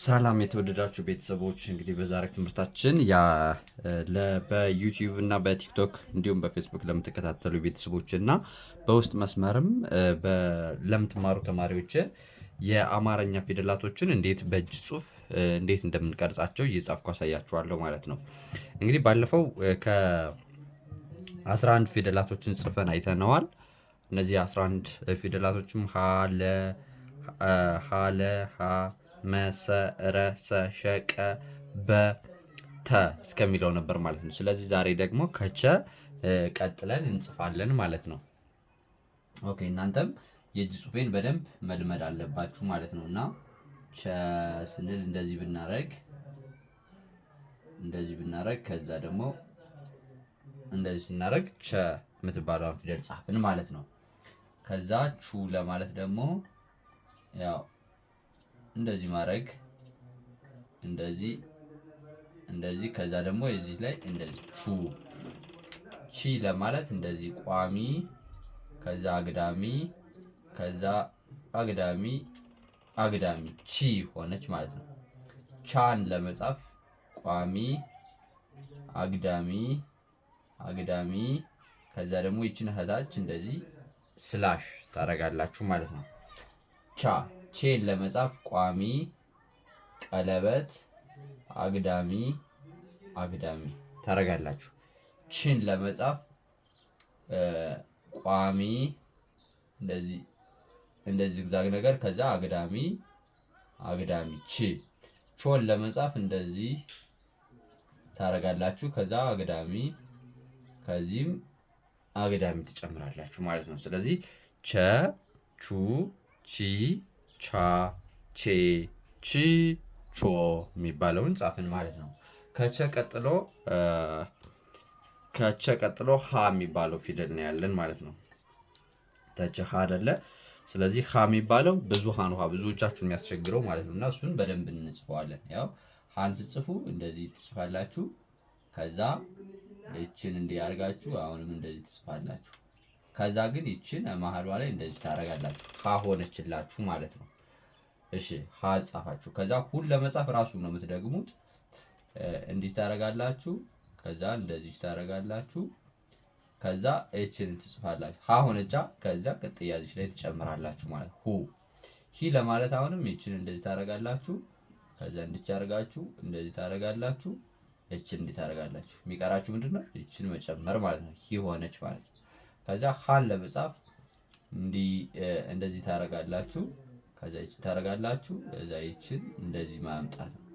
ሰላም የተወደዳችሁ ቤተሰቦች እንግዲህ በዛሬ ትምህርታችን ያ በዩቲዩብ እና በቲክቶክ እንዲሁም በፌስቡክ ለምትከታተሉ ቤተሰቦች እና በውስጥ መስመርም ለምትማሩ ተማሪዎች የአማርኛ ፊደላቶችን እንዴት በእጅ ጽሁፍ እንዴት እንደምንቀርጻቸው እየጻፍኩ አሳያችኋለሁ ማለት ነው። እንግዲህ ባለፈው ከ11 ፊደላቶችን ጽፈን አይተነዋል። እነዚህ 11 ፊደላቶችም ሀ ለ ሀ ለ ሀ መሰረሰሸቀ በተ እስከሚለው ነበር ማለት ነው። ስለዚህ ዛሬ ደግሞ ከቸ ቀጥለን እንጽፋለን ማለት ነው። ኦኬ እናንተም የእጅ ጽሁፌን በደንብ መልመድ አለባችሁ ማለት ነው እና ቸ ስንል እንደዚህ ብናረግ እንደዚህ ብናረግ ከዛ ደግሞ እንደዚህ ስናረግ ቸ የምትባለውን ፊደል ጻፍን ማለት ነው። ከዛ ቹ ለማለት ደግሞ ያው እንደዚህ ማድረግ እንደዚህ እንደዚህ ከዛ ደግሞ የዚህ ላይ እንደዚህ ቹ ቺ ለማለት እንደዚህ ቋሚ ከዛ አግዳሚ ከዛ አግዳሚ አግዳሚ ቺ ሆነች ማለት ነው። ቻን ለመጻፍ ቋሚ አግዳሚ አግዳሚ ከዛ ደግሞ ይችን ከታች እንደዚህ ስላሽ ታደርጋላችሁ ማለት ነው። ቻ ቼን ለመጻፍ ቋሚ፣ ቀለበት፣ አግዳሚ አግዳሚ ታደርጋላችሁ። ችን ለመጻፍ ቋሚ እንደዚህ እንደዚህ ዝግዛግ ነገር ከዛ አግዳሚ አግዳሚ ቺ ቾን ለመጻፍ እንደዚህ ታደርጋላችሁ። ከዛ አግዳሚ ከዚህም አግዳሚ ትጨምራላችሁ ማለት ነው። ስለዚህ ቸ ቹ ቺ ቻ፣ ቼ፣ ቺ፣ ቾ የሚባለውን ጻፍን ማለት ነው። ከቸ ቀጥሎ ከቸ ቀጥሎ ሀ የሚባለው ፊደል ነው ያለን ማለት ነው። ተቸ ሀ አደለ። ስለዚህ ሀ የሚባለው ብዙሃን ውሃ ብዙዎቻችሁ የሚያስቸግረው ማለት ነው እና እሱን በደንብ እንጽፈዋለን። ያው ሀን ስጽፉ እንደዚህ ትጽፋላችሁ። ከዛ ይችን እንዲህ አሁንም እንደዚህ ትጽፋላችሁ። ከዛ ግን ይችን መሀሏ ላይ እንደዚህ ታደርጋላችሁ። ሀ ሆነችላችሁ ማለት ነው። እሺ ሀ ጻፋችሁ። ከዛ ሁን ለመጻፍ ራሱ ነው የምትደግሙት። እንዲህ ታደርጋላችሁ። ከዛ እንደዚህ ታደርጋላችሁ። ከዛ ኤችን ትጽፋላችሁ። ሀ ሆነጫ፣ ከዛ ቅጥያ እዚህ ላይ ትጨምራላችሁ ማለት ሁ። ሂ ለማለት አሁንም ኤችን እንደዚህ ታደርጋላችሁ። ከዛ እንዲች አደርጋችሁ እንደዚህ ታደርጋላችሁ፣ ኤችን እንዲህ ታደርጋላችሁ። የሚቀራችሁ ምንድነው? ኤችን መጨመር ማለት ነው። ሂ ሆነች ማለት ነው። ከዛ ሀን ለመጻፍ እንዲህ እንደዚህ ታደርጋላችሁ። ከዛ ይችን ታደርጋላችሁ። ከዛ ይችን እንደዚህ ማምጣት ነው።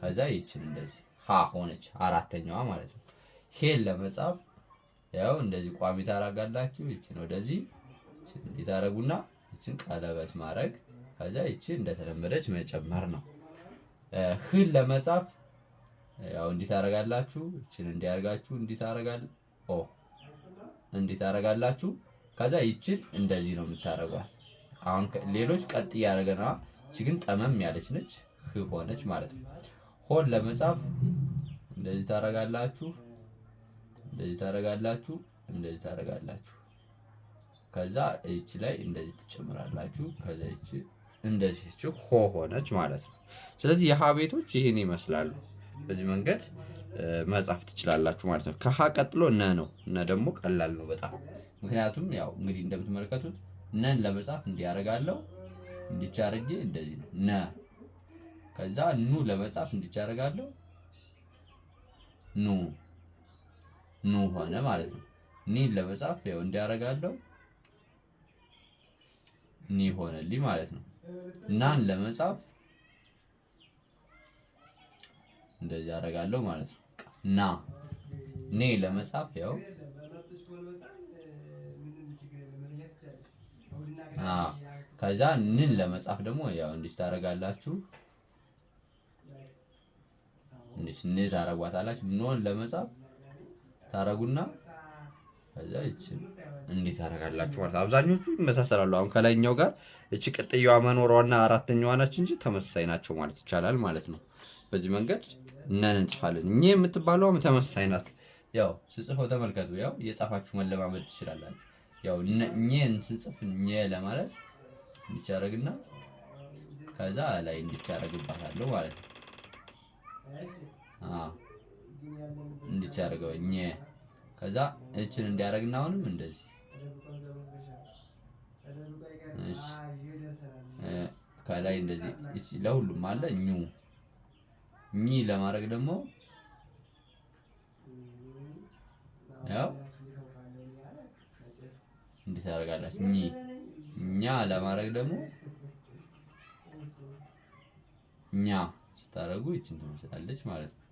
ከዛ ይችን እንደዚህ ሀ ሆነች አራተኛዋ ማለት ነው። ሄን ለመጻፍ ያው እንደዚህ ቋሚ ታደርጋላችሁ። ይችን ወደዚህ ይችን እንዲህ ይችን ቀለበት ማድረግ ከዛ ይችን እንደተለመደች መጨመር ነው። ህን ለመጻፍ ያው እንዲህ ይችን እንዲያርጋችሁ አድርጋችሁ ኦ እንዲህ ታደርጋላችሁ። ከዛ ይችን እንደዚህ ነው የምታደርጓት አሁን ሌሎች ቀጥ እያደረገና እቺ ግን ጠመም ያለች ነች ሆነች ማለት ነው። ሆን ለመጻፍ እንደዚህ ታረጋላችሁ፣ እንደዚህ ታረጋላችሁ፣ እንደዚህ ታረጋላችሁ። ከዛ እች ላይ እንደዚህ ትጨምራላችሁ። ከዛ እቺ እንደዚህ ሆ ሆነች ማለት ነው። ስለዚህ የሀ ቤቶች ይህን ይመስላሉ። በዚህ መንገድ መጻፍ ትችላላችሁ ማለት ነው። ከሀ ቀጥሎ ነ ነው። ነ ደግሞ ቀላል ነው በጣም ምክንያቱም ያው እንግዲህ እንደምትመለከቱት ነን ለመጻፍ እንዲያረጋለው እንዲቻርጌ እንደዚህ ነው። ነ ከዛ ኑ ለመጻፍ እንዲቻረጋለው ኑ ኑ ሆነ ማለት ነው። ኒን ለመጻፍ ያው እንዲያረጋለው ኒ ሆነልኝ ማለት ነው። ናን ለመጻፍ እንደዚህ አደርጋለሁ ማለት ነው። ና ኔ ለመጻፍ ያው ከዛ ንን ለመጻፍ ደግሞ ያው እንዲህ ታደርጋላችሁ። እንዲህ ን ታደርጓታላችሁ። ኖን ለመጻፍ ታደርጉና ከዛ እቺ እንዲህ ታደርጋላችሁ ማለት አብዛኞቹ ይመሳሰላሉ። አሁን ከላይኛው ጋር እቺ ቅጥያዋ መኖሯና አራተኛዋ ናች እንጂ ተመሳሳይ ናቸው ማለት ይቻላል ማለት ነው። በዚህ መንገድ ነን እንጽፋለን። እኚህ የምትባለውም ተመሳሳይ ናት። ያው ስጽፈው ተመልከቱ። ያው እየጻፋችሁ መለማመድ ትችላላችሁ። ያው ኘን ስንጽፍ ኘ ለማለት እንዲቻረግና ከዛ ላይ እንዲቻረግባታለሁ ማለት ነው። አዎ እንዲቻረገው ከዛ እችን እንዲያረግና አሁንም እንደዚህ እሺ፣ ከላይ እንደዚህ እቺ ለሁሉም አለ ኙ እኚህ ለማድረግ ደግሞ ያው እንዲህ ታደርጋላችሁ። እኚ እኛ ለማድረግ ደግሞ እኛ ስታደርጉ ይችን ትመስላለች ማለት ነው።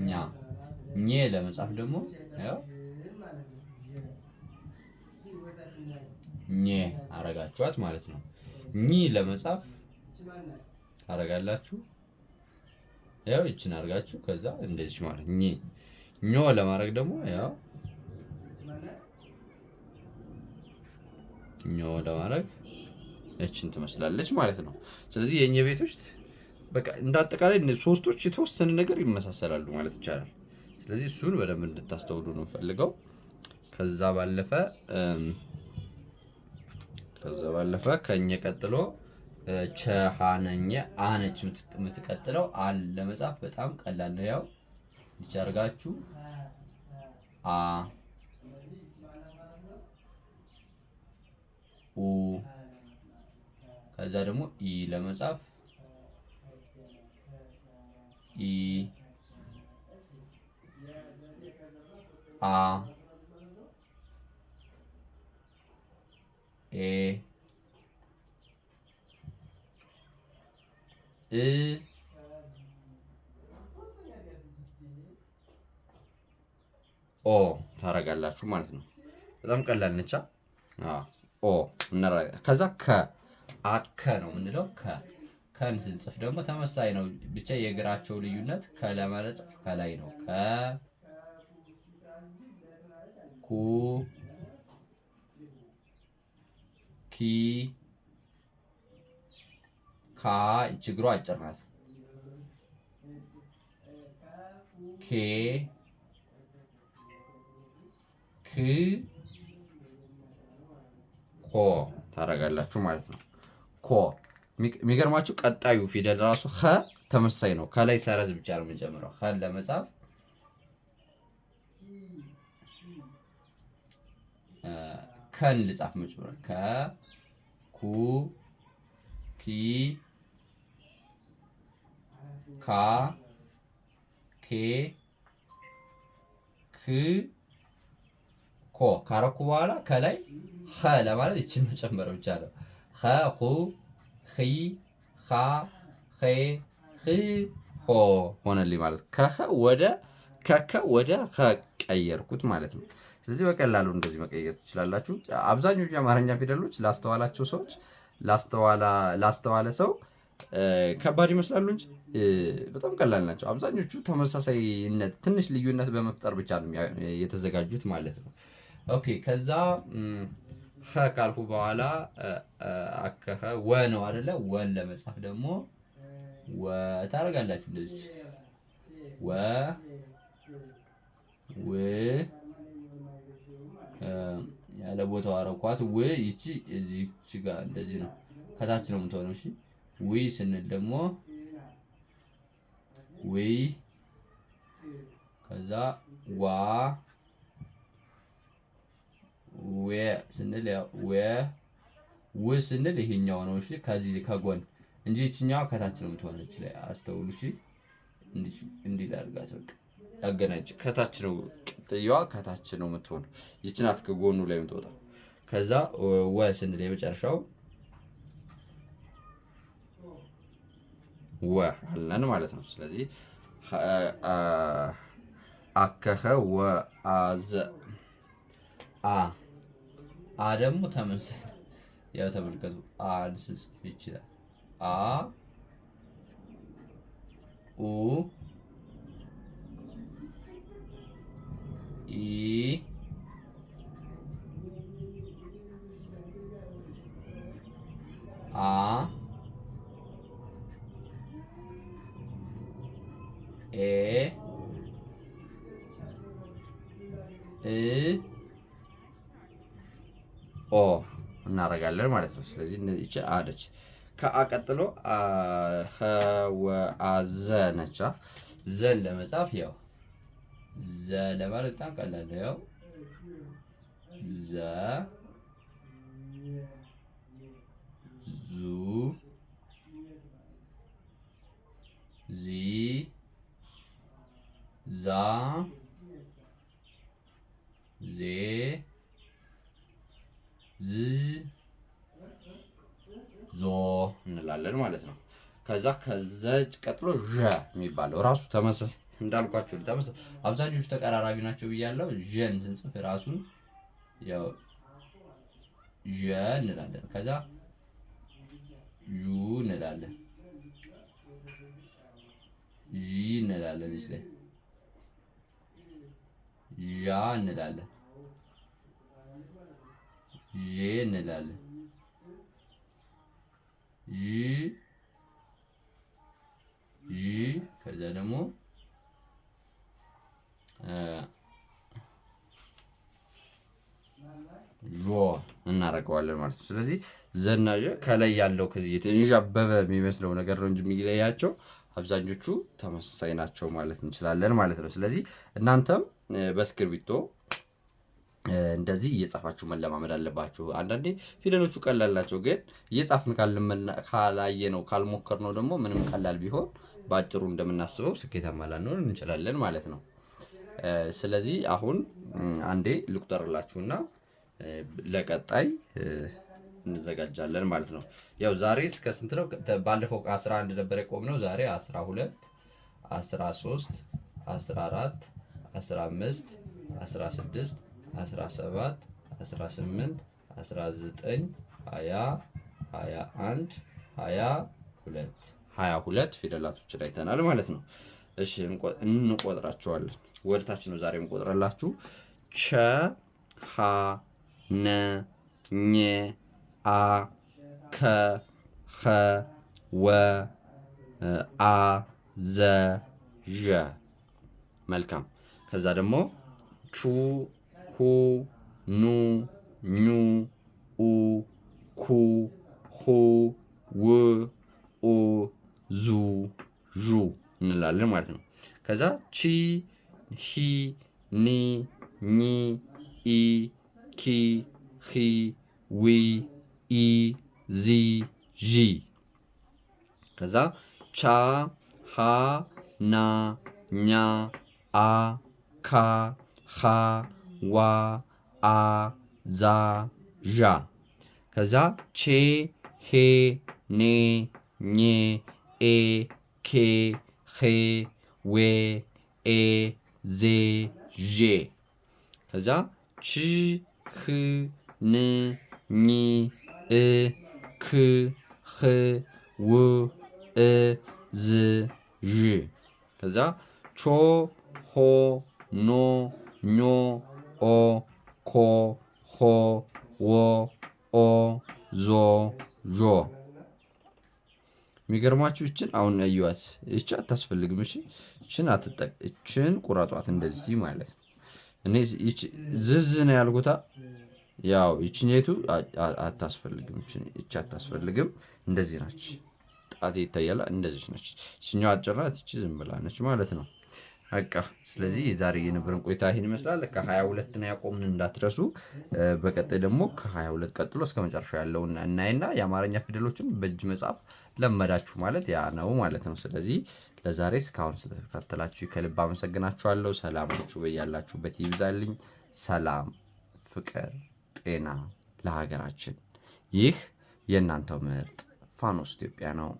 እኛ እኚ ለመጻፍ ደግሞ ያው እኚ አረጋችኋት ማለት ነው። እኚ ለመጻፍ ታረጋላችሁ ያው ይችን አርጋችሁ ከዛ እንደዚህ ማለት እኚ ኞ ለማድረግ ደግሞ ያው እኛው ወደ ማድረግ እችን ትመስላለች ማለት ነው። ስለዚህ የእኛ ቤቶች በቃ እንደ አጠቃላይ ሶስቶች የተወሰነ ነገር ይመሳሰላሉ ማለት ይቻላል። ስለዚህ እሱን በደንብ እንድታስተውሉ ነው ፈልገው። ከዛ ባለፈ ከዛ ባለፈ ከእኘ ቀጥሎ ቸሃነኘ አነች የምትቀጥለው አን ለመጻፍ በጣም ቀላል ነው። ያው ይቻርጋችሁ አ ኡ ከዛ ደግሞ ኢ ለመጻፍ ኢ አ ኤ እ ኦ ታረጋላችሁ ማለት ነው። በጣም ቀላል ነቻ። ኦ እናደርጋለን። ከዛ ከ አከ ነው የምንለው። ከ ከን ስንጽፍ ደግሞ ተመሳሳይ ነው፣ ብቻ የእግራቸው ልዩነት ከለማለት ከላይ ነው። ከ ኩ ኪ ካ ችግሩ አጭር ናት። ኬ ክ ኮ ታደርጋላችሁ ማለት ነው። ኮ የሚገርማችሁ ቀጣዩ ፊደል ራሱ ኸ ተመሳሳይ ነው። ከላይ ሰረዝ ብቻ ነው የምንጨምረው ኸን ለመጻፍ ከን ልጻፍ መጭምረ ከ ኩ ኪ ካ ኬ ክ ኮ ካረኩ በኋላ ከላይ ኸ ለማለት ይችን መጨመር ብቻ ነው። ኸ ኹ ኺ ኻ ኼ ኺ ኾ ሆነልኝ ማለት ከኸ ወደ ከከ ወደ ኸ ቀየርኩት ማለት ነው። ስለዚህ በቀላሉ እንደዚህ መቀየር ትችላላችሁ። አብዛኞቹ የአማርኛ ፊደሎች ላስተዋላቸው ሰዎች ላስተዋለ ሰው ከባድ ይመስላሉ እንጂ በጣም ቀላል ናቸው። አብዛኞቹ ተመሳሳይነት ትንሽ ልዩነት በመፍጠር ብቻ ነው የተዘጋጁት ማለት ነው። ኦኬ ከዛ ሀ ካልኩ በኋላ አከኸ ወ ነው አደለ ወን ለመጻፍ ደግሞ ወ ታደርጋላችሁ ልጅ ወ ው ያለ ቦታው አረኳት ው ይቺ እዚች ጋ እንደዚህ ነው፣ ከታች ነው የምትሆነው። እሺ ዊ ስንል ደግሞ ዊ ከዛ ዋ ዌ ስንል ዌ ው ስንል ይሄኛው ነው። እሺ ከዚህ ከጎን እንጂ እቺኛዋ ከታች ነው የምትሆነች። ላይ አስተውሉ። እሺ እንዲህ ላድርጋት። በቃ ያገናጭ ከታች ነው ቅጥያዋ ከታች ነው የምትሆነው። ይቺ ከጎኑ ላይ የምትወጣው። ከዛ ወ ስንል የመጨረሻው ወ አለን ማለት ነው። ስለዚህ አከኸ ወአዘ አ አ ደግሞ ተመሳሳይ ያው ተመልከቱ። አን ስጽፍ ይችላል አ ኡ ኢ አ ኤ እ ኦ እናደርጋለን ማለት ነው። ስለዚህ እነዚህ አለች ከአቀጥሎ ወአዘ ነቻ ዘን ለመጻፍ ያው ዘ ለማለት በጣም ቀላል ያው ዘ ዙ ዚ ዛ ዜ እንላለን ማለት ነው። ከዛ ከዘጅ ቀጥሎ ዠ የሚባለው ራሱ ተመሳሳይ እንዳልኳቸው ተመሳሳይ አብዛኞቹ ተቀራራቢ ናቸው ብያለው። ዠን ስንጽፍ ራሱን ያው ዠ እንላለን። ከዛ ዩ እንላለን፣ ዢ እንላለን፣ እዚህ ላይ ዣ እንላለን፣ ዤ እንላለን ዢ ከዛ ደግሞ ዦ እናደርገዋለን ማለት ነው። ስለዚህ ከላይ ያለው ከዚህ አበበ የሚመስለው ነገር ነው እንጂ የሚለያቸው አብዛኞቹ ተመሳሳይ ናቸው ማለት እንችላለን ማለት ነው። ስለዚህ እናንተም በእስክርቢቶ እንደዚህ እየጻፋችሁ መለማመድ አለባችሁ። አንዳንዴ ፊደሎቹ ቀላል ናቸው፣ ግን እየጻፍን ካላየ ነው ካልሞከር ነው ደግሞ ምንም ቀላል ቢሆን በአጭሩ እንደምናስበው ስኬታማ ላንሆን እንችላለን ማለት ነው። ስለዚህ አሁን አንዴ ልቁጠርላችሁና ለቀጣይ እንዘጋጃለን ማለት ነው። ያው ዛሬ እስከ ስንት ነው? ባለፈው 11 ነበር የቆምነው። ዛሬ 12፣ 13፣ 14፣ 15፣ 16 17 18 19 20 21 22 22 ፊደላቶችን አይተናል ማለት ነው። እሺ እንቆጥራቸዋለን። ወደታች ነው ዛሬ እንቆጥራላችሁ። ቸ ሀ ነ ኘ አ ከ ኸ ወ አ ዘ ዠ መልካም። ከዛ ደግሞ ቹ ሁ ኑ ኙ ኡ ኩ ሁ ው ኡ ዙ ዡ እንላለን ማለት ነው። ከዛ ቺ ሂ ኒ ኚ ኢ ኪ ሂ ዊ ኢ ዚ ዢ ከዛ ቻ ሃ ና ኛ አ ካ ሃ ዋ አ ዛ ዣ ከዛ ቼ ሄ ኔ ኜ ኤ ኬ ሄ ዌ ኤ ዜ ዤ ከዛ ች ህ ን ኝ እ ክ ህ ው እ ዝ ዥ ከዛ ቾ ሆ ኖ ኞ ኦ ኮ ሆ ዎ ኦ ዞ ዦ የሚገርማችሁ ይችን አሁን እዩዋት። ይች አታስፈልግም። እሺ ይችን አትጠቅ ይችን ቁረጧት እንደዚህ ማለት እኔ ዝዝ ነው ያልኩታ። ያው ይችኔቱ አታስፈልግም። ይች አታስፈልግም። እንደዚህ ናች። ጣቴ ይታያላ። እንደዚህ ነች። ይችኛው አጭራት ይች ዝም ብላ ነች ማለት ነው። በቃ ስለዚህ ዛሬ የነበረን ቆይታ ይህን ይመስላል። ከ22 ነው ያቆምን እንዳትረሱ። በቀጣይ ደግሞ ከ22 ቀጥሎ እስከ መጨረሻው ያለውን እናይና የአማርኛ ፊደሎችን በእጅ መጻፍ ለመዳችሁ ማለት ያ ነው ማለት ነው። ስለዚህ ለዛሬ እስካሁን ስለተከታተላችሁ ከልብ አመሰግናችኋለሁ። ሰላማችሁ በያላችሁበት ይብዛልኝ። ሰላም፣ ፍቅር፣ ጤና ለሀገራችን። ይህ የእናንተው ምርጥ ፋኖስ ኢትዮጵያ ነው።